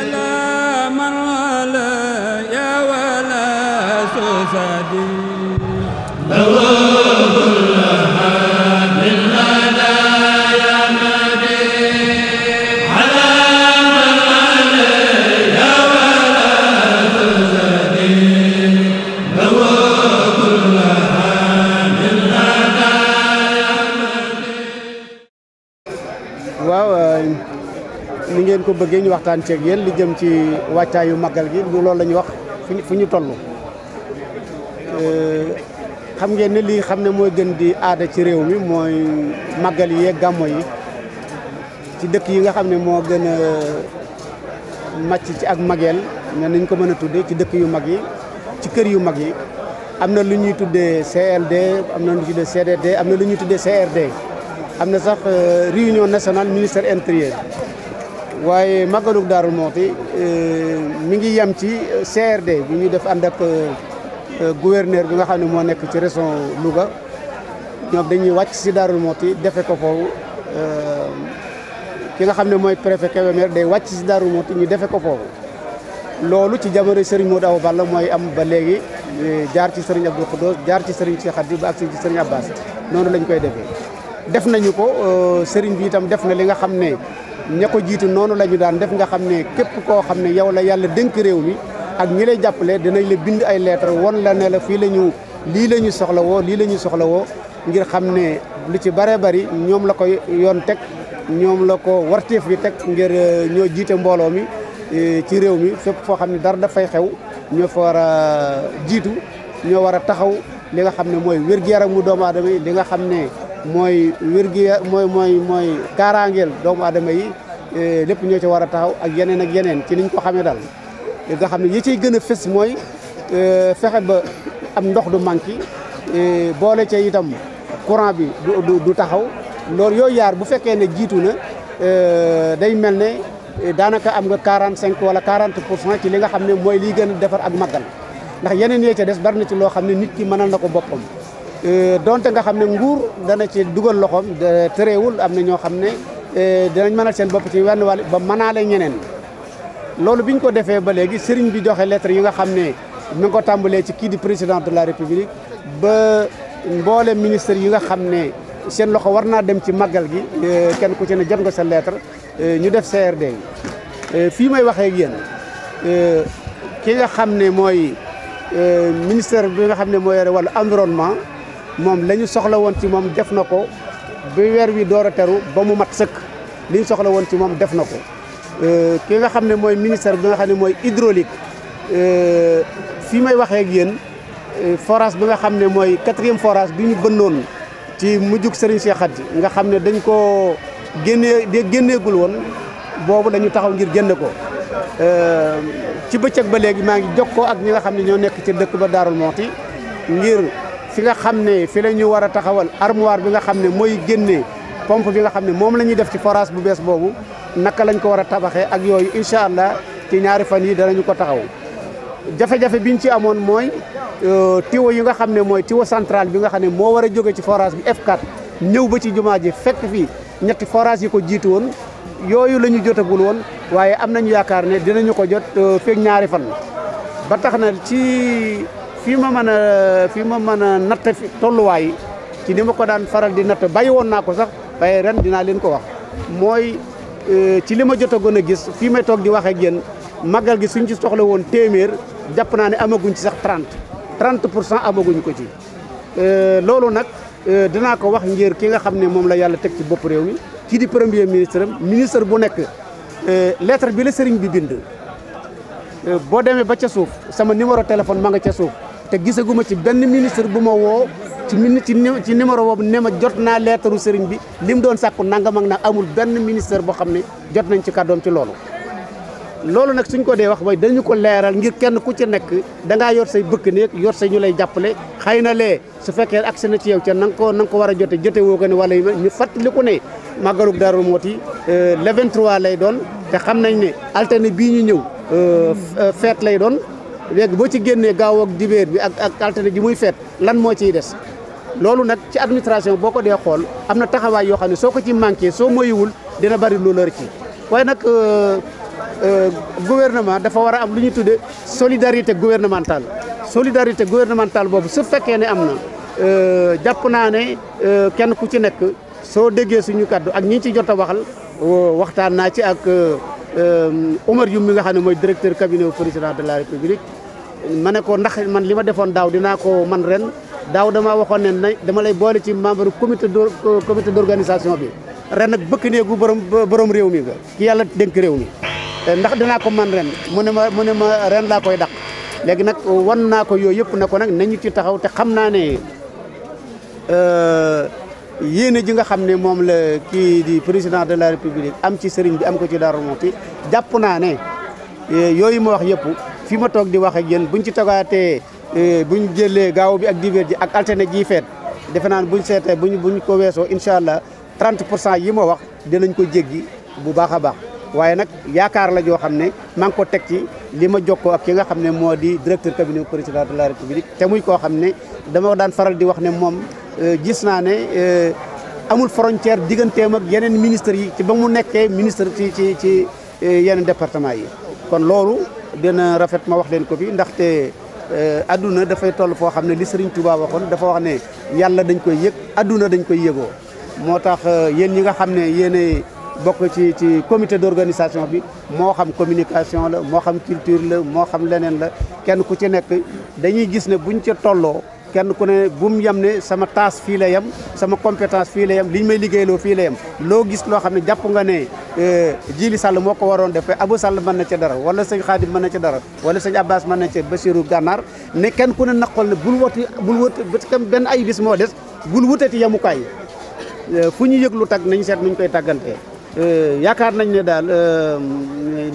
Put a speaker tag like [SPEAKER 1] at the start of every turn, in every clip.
[SPEAKER 1] ala man wala ya wala so sadi
[SPEAKER 2] ko bëggee ñu waxtaan ceeg yéen li jëm ci wàccaayu màggal gi loolu la ñu wax fu ñu toll euh, xam ngeen ne lii xam ne mooy gën di aada ci réew mi mooy màggal yee gàmmo yi ci dëkk yi nga xam ne moo gën a màcc ci ak mageel ne nañ ko mën a tuddee ci dëkk yu mag yi ci kër yu mag yi am na lu ñuy tuddee CLD am na lu ñuy tuddee CDD am na lu ñuy tuddee CRD am na sax euh, réunion national ministère intérieur waaye màggalug Daarul Mooti euh, mu ngi yem ci CRD bi ñu def ànd ak euh, euh, gouverneur bi nga xam ne moo nekk ci région Louga ñoom dañuy wàcc si Daarul Mooti defe ko foofu ki nga xam ne mooy préfet Kébémer day wàcc si Daarul Mooti ñu defe ko foofu loolu ci jamono Serigne Modou daaw Balla mooy am ba léegi jaar ci Serigne Abdou Khoudoss jaar ci Serigne Cheikh Khady ba ak ci Serigne Abbas noonu lañ koy defee def nañu ko Serigne bi itam def na li nga xam ne ña ko jiitu noonu la ñu daan def nga xam ne képp koo xam ne yow la yàlla dénk réew mi ak ñi lay jàppale dinañ la bind ay lettre won la ne la fii la ñu lii lañu soxla woo lii la ñu soxla woo ngir xam ne lu ci bare bari ñoom la ko yoon teg ñoom la ko warteef bi teg ngir euh, ñoo jiite mbooloo mi euh, ci réew mi fépp foo xam ne dara dafay xew ñoo fa war a jiitu ñoo war a taxaw li nga xam ne mooy wér-gu-yaramu doomu aadama yi li nga xam ne mooy wirgi gi mooy mooy mooy kaaraangeel doomu aadama yi eh, lépp ñoo ci war a taxaw ak yeneen ak yeneen ci niñ ko xamee daal nga xam ne yi ciy gën a fës mooy eh, fexe ba am ndox du manqué eh, boole ca itam courant bi du du taxaw loolu yooyu yaar bu fekkee ne jiitu na day mel ne daanaka am nga 45 wala 40 pour cent ci li nga xam ne mooy liy gën a defar ak màggal ndax yeneen yee ca des bari na ci loo xam ne nit ki mënal na ko boppam. Euh, donte nga xam ne nguur dana ci dugal loxoom tëreewul am na ñoo xam ne euh, dinañ mënal seen bopp ci wenn wàll ba mënaale ñeneen loolu bi ñu ko defee ba léegi sëriñ bi joxe lettre yi nga xam ne mi ngi ko tàmbalee ci kii di président de la république ba mboole ministre yi nga xam ne seen loxo war naa dem ci màggal gi euh, kenn ku ci ne jot nga sa lettre ñu def CRD fii may waxee ak yéen ki nga xam ne mooy ministère bi nga xam ne moo yore wàllu environnement moom la ñu soxla woon ci moom def na ko ba weer wi door a teru ba mu mat sëkk li soxla woon ci moom def na ko euh, ki nga xam ne mooy ministère bi nga xam ne mooy hydraulique euh, fii may waxee ak yéen euh, forage bi nga xam ne mooy quatrième forage bi ñu bënnoon ci mujjug Serigne Cheikh ji nga xam ne dañ koo génnee de génneegul woon boobu dañu taxaw ngir génn ko ci bëccëg ba léegi maa ngi jokkoo ak ñi nga xam ne ñoo nekk ci dëkk ba Darou ti ngir fi nga xam ne fi la ñu war a taxawal armoire bi nga xam ne mooy génnee pompe bi nga xam ne moom la ñuy def ci forage bu bees boobu naka lañ ko war a tabaxee ak yooyu incha allah ci ñaari fan yi danañu ko taxaw jafe-jafe biñ ci amoon mooy euh, tiwo yi nga xam ne mooy tiwo central bi nga xam ne moo war a jóge ci forage bi F4 ñëw ba ci jumaa ji fekk fii ñetti forage yi ko jiit woon yooyu la ñu jotagul woon waaye am nañu yaakaar ne dinañu ko jot euh, feeg ñaari fan ba tax na ci fii ma mën a fii ma mën a natt tolluwaay ci ni ma ko daan faral di natt bàyyi woon naa ko sax waaye ren dinaa leen ko wax mooy e, ci li ma jot a gis fii may toog di wax ak yéen gi suñ ci soxla woon téeméer jàpp naa ne amaguñ ci sax 30 30 pour cent amaguñ ko ci e, loolu nag e, dinaa ko wax ngir ki nga xam ne moom la yàlla teg ci bopp réew mi ci di premier ministre am ministre bu nekk lettre bi la sëriñ bi bind boo demee ba ca suuf sama numéro téléphone ma nga ca suuf te gisaguma ci benn ministre bu ma woo ci min ci ci numéro boobu ne ma jot naa leetaru sëriñ bi li mu doon sàkku nanga mag na amul benn ministre boo xam ne jot nañ ci kàddoom ci loolu loolu nag suñ ko dee wax mooy dañu ko leeral ngir kenn ku ci nekk da yor say bëkk néeg yor say ñu lay jàppale xëy na lee su fekkee agsi na ci yow ca na nga nga ko war a jote jote woo ko ne wala ñu ko ne màggalug Daaru moo ti 23 lay doon te xam nañ ne alterné bii ñu ñëw euh, euh, fête lay doon léegi boo ci génnee gaaw ak dibeer bi ak ak altine ji muy feet lan moo ciy des loolu nag ci administration boo ko dee xool am na taxawaay yoo xam ne soo ko ci manqué soo moyiwul dina bari lu lër ci waaye nag euh, euh, gouvernement dafa war a am lu ñu tudde solidarité gouvernementale solidarité gouvernementale boobu su fekkee ne am na euh, jàpp naa ne kenn ku ci nekk soo déggee suñu kaddu ak ñii ci jot a waxal waxtaan naa ci ak Omar Youm mi nga xam ne mooy directeur cabinet au président de la République ma ne ndax man li ma defoon daaw dinaa ko man ren daaw damaa waxoon ne dama lay boole ci membre comité d' comité d' organisation bi ren nag bëkk néegu borom borom réew mi nga ki yàlla dénk réew mi eh, ndax dinaa ko man ren mu ne ma mu ma ren laa koy daq léegi nag wan naa ko yooyu yëpp ne ko nag nañu ci taxaw te xam naa ne euh, yéene ji nga xam ne moom la kii di président de la république am ci sëriñ bi am ko ci Darou Mouhty jàpp naa ne eh, yooyu ma wax yëpp fi ma toog di wax ak bu ñu ci eh, bu ñu jëlee gaaw bi ak dibeer ji ak alterné ji feet defe naa ne buñ seetee buñ buñ ko weesoo incha allah 30 pour cent yi ma wax dinañ ko jéggi bu baax a baax waaye nag yaakaar la joo xam ne maa ngi ko teg ci li ma jokkoo ak ki nga xam ne moo di directeur cabinet président de la république te muy ko xam ne dama daan faral di wax ne moom eh, gis naa ne eh, amul frontière digganteem ak yeneen ministres yi ci ba mu nekkee ministre ci ci ci yeneen département yi dina rafet ma wax leen ko fi ndaxte euh, adduna dafay toll foo xam ne li Serigne Touba waxoon dafa wax ne yàlla dañ koy yëg adduna dañ koy yëgoo moo tax euh, yéen ñi nga xam ne yéenay bokk ci ci comité d'organisation bi moo xam communication la moo xam culture la moo xam leneen la kenn ku ci nekk dañuy gis ne buñ ci tolloo kenn ku ne bu mu yem ne sama taas fii la yam sama compétence fii la yem li ñu may liggéeyloo fii la yem loo gis loo xam ne jàpp nga ne Eh, Jili Sall moo ko waroon def Abou Sall mën na ca dara wala sëñ Xaadim mën na ca dara wala sëñ Abbas mën na ca Basiru Gànnaar ne kenn ku ne naqol ne bul wati bul wati benn ay bis moo des bul ti yamukaay eh, fu ñu yëglu lu tag nañ seet nuñ koy tàggantee eh, yaakaar nañ ne daal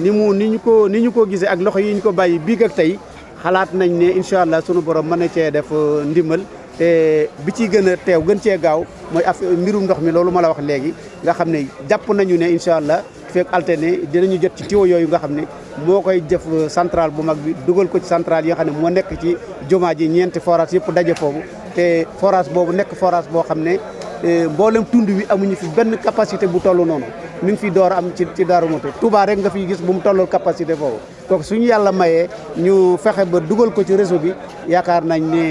[SPEAKER 2] ni mu ni ñu ko ni ñu ko gisee ak loxo yi ñu ko bàyyi biig ak tey xalaat nañ ne incha allah sunu borom mën na cee def ndimbal te bi ci gën a teew gën cee gaaw mooy affaire mbirum ndox mi loolu ma la wax léegi nga xam ne jàpp nañu ne incha allah fekk alterné dinañu jot ci tuyau yooyu nga xam ne moo koy jëf euh, centrale bu mag bi dugal ko ci centrale yi nga xam ne moo nekk ci jumaa ji ñeenti forage yëpp daje foofu te forage boobu nekk forage boo xam ne euh, mboolem tund wi amuñu fi benn capacité bu toll noonu mi ngi fi door am ci ci Darou Moukhty Touba rek nga fi gis bu mu tollul capacité foofu kooku suñu yàlla mayee ñu fexe ba dugal ko ci réseau bi yaakaar nañ ne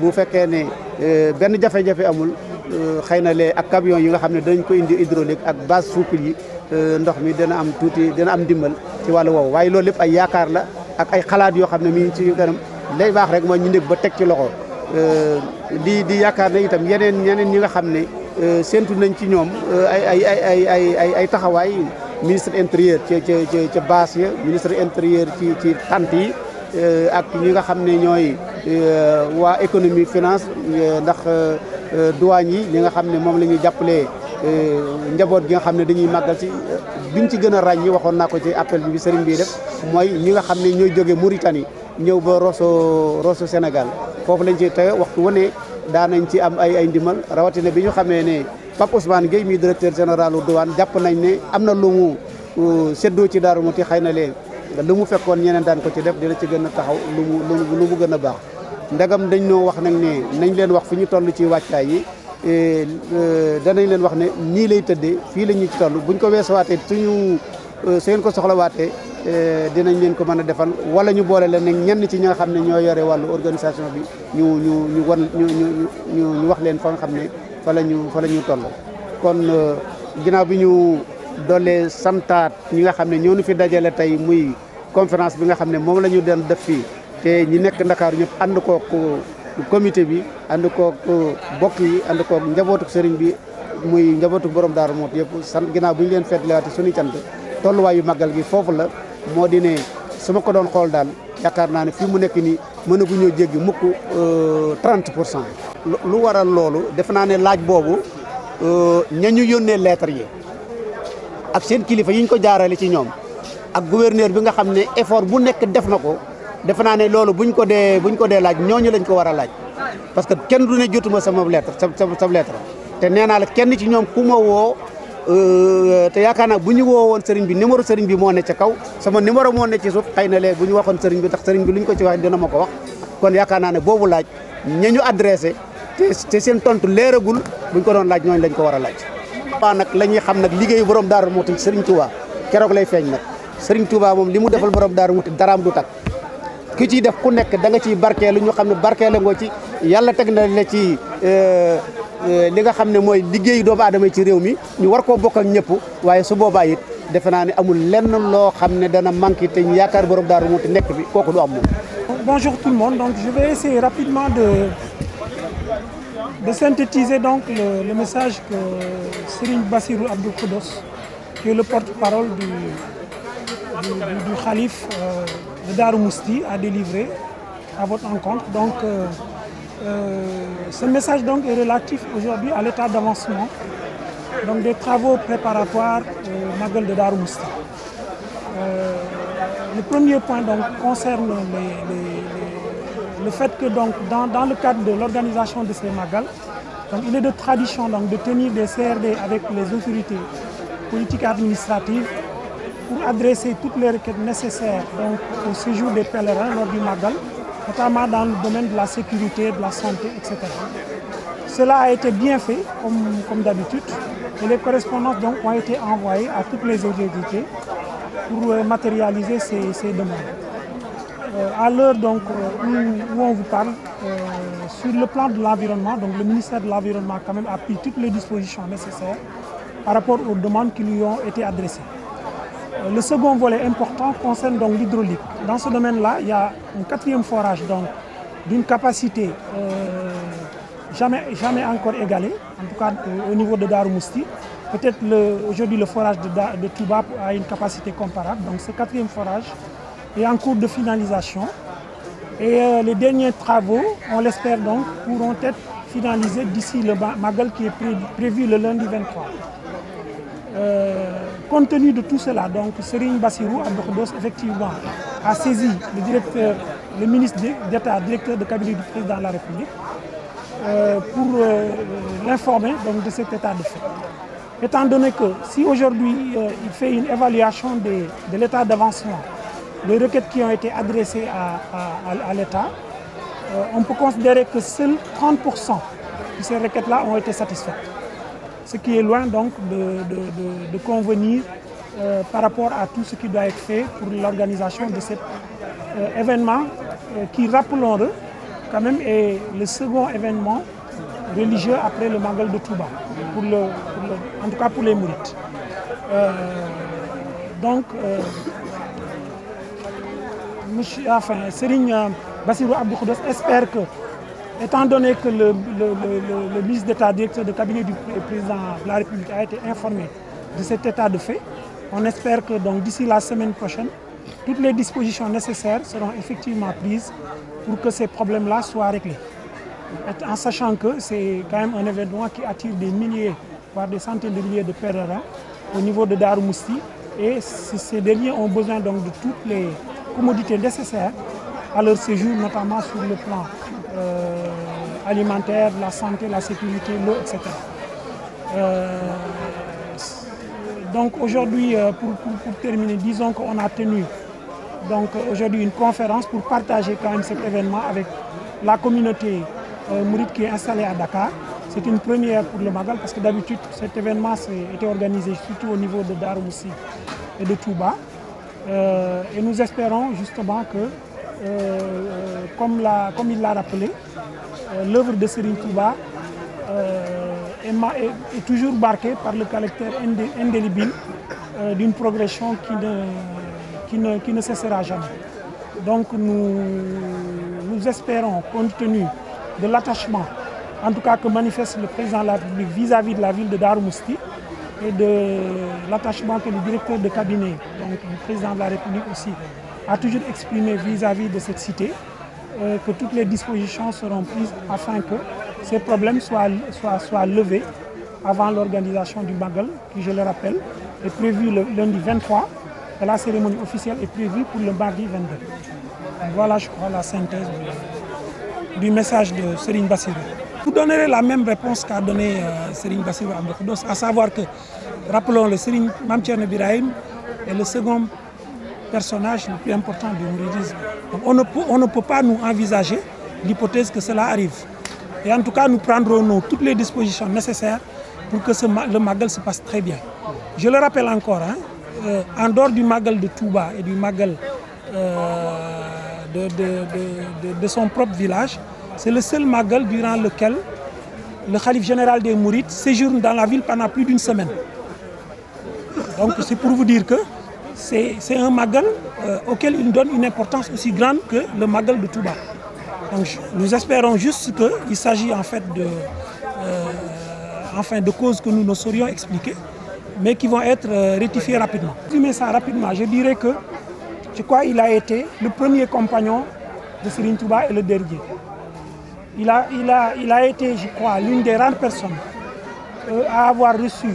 [SPEAKER 2] bu fekkee ne euh, benn jafe-jafe amul euh, xëy na lee ak camion yi nga xam ne dañ ko indi hydraulique ak base souple yi euh, ndox mi dina am tuuti dina am ndimbal ci wàllu woowu waaye loolu lépp ay yaakaar la ak ay xalaat yoo xam ne mi ngi ci kanam lay baax rek mooy ñu nekk ba teg ci loxo di di yaakaar ne itam yeneen yeneen yi nga xam ne séentu nañ ci ñoom ay ay ay ay ay ay taxawaay ministre intérieur ca ca ca ca base ya ministre intérieur ci ci tant yi euh, ak ñi nga xam ne ñooy euh, waa économie finance euh, ndax douane yi li nga xam ne moom la ñuy jàppalee njaboot gi nga xam ne dañuy màggal si biñ ci gën a ràññi waxoon naa ko ci appel bi bi sëriñ bii def mooy ñi nga xam ne ñooy jóge Mauritanie ñëw ba Rosso Rosso Sénégal foofu lañ ci te waxtu wane daanañ ci am ay ay ndimbal rawatina bi ñu xamee ne Pape Ousmane Gueye mi directeur général u jàpp nañ ne am na lu mu séddoo ci Darou Mouhty xëy na lee lu mu fekkoon ñeneen daan ko ci def dina ci gën a taxaw lu mu lu mu gën a baax ndegam dañ noo wax nag ne nañ leen wax fu ñu toll ci wàccaay yi e, e, danañ leen wax ne nii lay tëddee fii la ñu ci toll buñ ko weesuwaatee suñu e, su ngeen ko soxlawaatee dinañ leen ko mën a defal wala ñu boole leen nag ñenn ci ñi xam ne ñoo yore wàllu organisation bi ñu ñu ñu wan ñu ñu wax leen fa xam ne fa la ñu fa la ñu toll kon euh, ginnaaw bi ñu doolee santaat ñi nga xam ne ñoo nu fi dajale tey muy conférence bi nga xam ne moom la ñu doon def fii te ñi nekk Ndakaaru ñëpp ànd kook euh, comité bi ànd kook euh, bokk yi ànd kook njabootu sëriñ bi muy njabootu borom Daaru Muxti yëpp sant ginnaaw bu ñu leen fetlewaate suñu cant tolluwaayu màggal gi foofu la moo dinee su ma ko doon xool daal yaakaar naa ne fi mu nekk nii mënaguñoo jéggi mukk 30 euh, pour cent. lu waral loolu defe naa ne laaj boobu euh, ña ñu yónnee leetar yi ak seen kilifa yi ñu ko jaarale ci ñoom ak gouverneur bi nga xam ne effort bu nekk def na ko def naa ne loolu buñ ko dee buñ ko dee laaj ñooñu lañ ko war a laaj parce que kenn du ne jotuma sama lettre sa sa lettre te nee kenn ci ñoom ku woo. Euh, te yaakaar naa bu ñu woo woon sëriñ bi numéro sëriñ bi moo ne ca kaw sama numéro moo ne ci suuf xëy na léegi bu ñu waxoon sëriñ bi ndax sëriñ bi ko ci wax dina kon yaakaar naa ne boobu laaj ña ñu adressé te seen tontu leeragul buñ ko doon laaj ñooñu lañ ko war a laaj waaw nag la ñuy xam nag liggéeyu borom daaru moo tax sëriñ Touba keroog lay feeñ nag sëriñ Touba moom li mu defal borom daaru muti daraam du tak ki ciy def ku nekk da nga ciy barkeelu ñu xam ne barkeelu ngoo ci yalla teg na la ci euh, Euh, li nga xam ne mooy liggéey doomu aadama ci réew mi ñu war koo bokk ak ñëpp waaye su boobaa it defe naa ne amul lenn loo xam ne dana manqué te ñu yaakaar daar Darou Mouhty nekk bi kooku du am moom.
[SPEAKER 1] bonjour tout le monde je vais essayer rapidement de de synthétiser donc le, le message que Serigne Bassirou Abdou Khoudos qui le porte-parole du du du, du khalife euh, de Darou a délivré à votre rencontre donc. Euh, Euh, ce message donc est relatif aujourd'hui à l'état d'avancement donc des travaux préparatoires euh, Magal de Darou Mousty. Euh, le premier point donc concerne le fait que donc dans, dans le cadre de l'organisation de ces magal, donc il est de tradition de tenir des CRD avec les autorités politiques administratives pour adresser toutes les requêtes nécessaires au séjour des pèlerins lors du magal notamment dans le domaine de la sécurité, de la santé, etc. Cela a été bien fait, comme, comme d'habitude, et les correspondances donc ont été envoyées à toutes les autorités pour euh, matérialiser ces, ces demandes. Euh, à l'heure donc euh, où, où, on vous parle, euh, sur le plan de l'environnement, donc le ministère de l'Environnement quand même a pris toutes les dispositions nécessaires par rapport aux demandes qui lui ont été adressées. Le second volet important concerne donc l'hydraulique. Dans ce domaine-là, il a un quatrième forage donc d'une capacité euh, jamais, jamais encore égalée, en tout cas euh, au niveau de Darumousti. Peut-être le forage de, de Touba a une capacité comparable. Donc ce quatrième forage est en cours de finalisation. Et euh, les derniers travaux, on l'espère donc, pourront être finalisés d'ici le Magal qui est prévu le lundi 23. Compte tenu de tout cela, donc Serine Bassirou Abdoukdos, effectivement, a saisi le le ministre d'État, directeur de cabinet du président de la République, euh, pour euh, l'informer de cet état de fait. si aujourd'hui euh, il fait une évaluation des, de l'état d'avancement, des requêtes qui ont été adressées à, à, à l'État, euh, on peut considérer que seuls 30% de ces requêtes-là ont été satisfaites. ce qui est loin donc de, de, convenir euh, par rapport à tout ce qui doit être fait pour l'organisation de cet euh, événement euh, qui, rappelons-le, quand même est le second événement Magal de Touba, pour le, pour le en tout cas pour les Mourites. Euh, donc, euh, monsieur, enfin, Serigne Bassirou Abdou espère que Étant donné que le, le, ministre d'État, directeur de cabinet du président de la République a été informé de cet état de fait, on espère que d'ici la semaine prochaine, toutes les dispositions nécessaires seront effectivement prises pour que ces problèmes-là soient réglés. En sachant que c'est quand même un événement qui attire des milliers, voire des de milliers de pèlerins au niveau de Darumoussi. Et ces derniers ont besoin de toutes les commodités nécessaires à leur séjour, notamment sur le plan euh, alimentaire, la santé, la sécurité, l'eau, etc. Euh, donc aujourd'hui, euh, pour, pour, pour, terminer, disons qu'on a tenu donc euh, aujourd'hui une conférence pour partager quand même cet événement avec la communauté euh, Mourid qui est installée à Dakar. C'est une première pour le Magal parce que d'habitude cet événement était organisé surtout au niveau de Daroussi et de Touba. Euh, et nous espérons justement que, euh, euh comme, la, comme il l'a rappelé, Euh, l'œuvre de Serigne Touba euh, est, est, toujours marquée par le caractère indélébile euh, d'une progression qui ne, qui, ne, qui ne cessera jamais. Donc nous, nous espérons, compte tenu de l'attachement, en tout cas que manifeste le président de la République vis-à-vis -vis de la ville de Darmousti et de l'attachement que le directeur de cabinet, donc le président de la République aussi, a toujours exprimé vis-à-vis -vis de cette cité, euh, que toutes les dispositions seront prises afin que ces problèmes soient, soient, soient levés avant l'organisation du Magal, qui, je le rappelle, est prévue le lundi 23 et la cérémonie pour le mardi 22. Voilà, je crois, la synthèse du, message de Serine Bassirou. Vous la même réponse qu'a donnée euh, Serine Bassirou à savoir que, rappelons, personnage le plus important du mouridisme. Donc on, ne peut, on ne peut pas nous envisager l'hypothèse que cela arrive. Et en tout cas, nous prendrons nous, toutes les dispositions nécessaires pour que ce, le Magal se passe très bien. Je le rappelle encore, hein, euh, en dehors du Magal de Touba et du Magal euh, de, de, de, de, son propre village, c'est le seul Magal durant lequel le Khalif général des Mourites séjourne dans la ville pendant plus d'une semaine. Donc c'est pour vous dire c'est c'est un magal euh, auquel il donne une importance aussi grande que le magal de Touba. Donc nous espérons juste que il s'agit en fait de euh, enfin de causes que nous ne saurions expliquer mais qui vont être euh, rectifiées rapidement. Résumer ça rapidement, je dirais que je crois il a été le premier compagnon de Serigne Touba et le dernier. Il a il a il a été l'une des rares personnes euh, à avoir reçu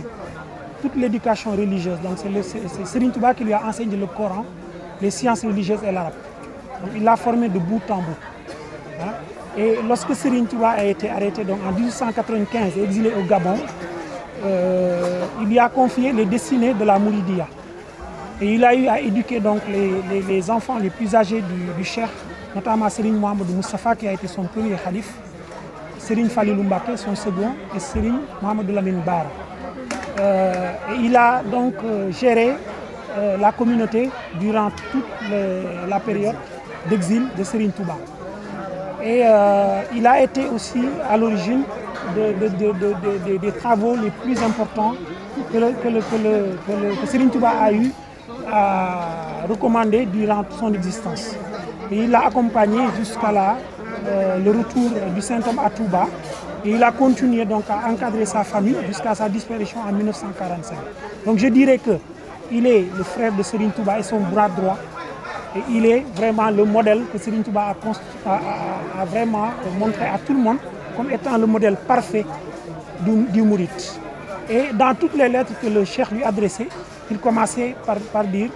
[SPEAKER 1] toute l'éducation religieuse. Donc c'est Serigne Touba qui lui a enseigné le Coran, les sciences religieuses et l'arabe. il l'a formé de bout en bout. Hein? Et lorsque Serigne Touba a été arrêté donc en 1895 et exilé au Gabon, euh, il lui a confié les destinées de la Mouridia. Et il a eu donc les, les, les enfants les plus âgés du, du notamment Serigne Mohamed Moustapha qui a été son premier khalif, Serigne Falilou Mbaké son second et Serigne Mohamed Lamine Bara. Euh, il a donc euh, géré euh, la communauté durant toute le, la période d'exil de Serine Touba. Et il a été aussi à l'origine des de, de, de, travaux les plus importants que, le, que, le, que, que Serine Touba a eu a recommandé durant son existence. Et il l'a accompagné jusqu'à là, euh, le retour du saint homme à Touba, Et il a continué donc à encadrer sa famille jusqu'à sa disparition en 1945. Donc je dirais que il est le frère de Serigne et son bras droit. Et il est vraiment le modèle que Serigne Touba a, a, vraiment montré à tout le monde comme étant le modèle parfait du, du Et dans toutes les lettres que le cheikh lui adressait, il commençait par, par dire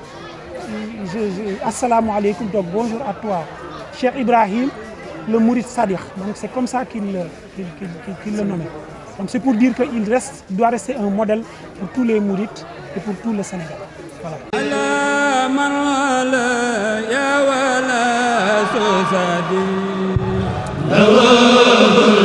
[SPEAKER 1] je, je, Assalamu alaikum, donc bonjour à toi. Cheikh Ibrahim, le Mourid Sadiq. c'est comme ça qu'il qu qu le nommait. Donc c'est pour dire qu'il reste, doit rester un modèle pour tous les Mourides et pour tout le Sénégal. Voilà.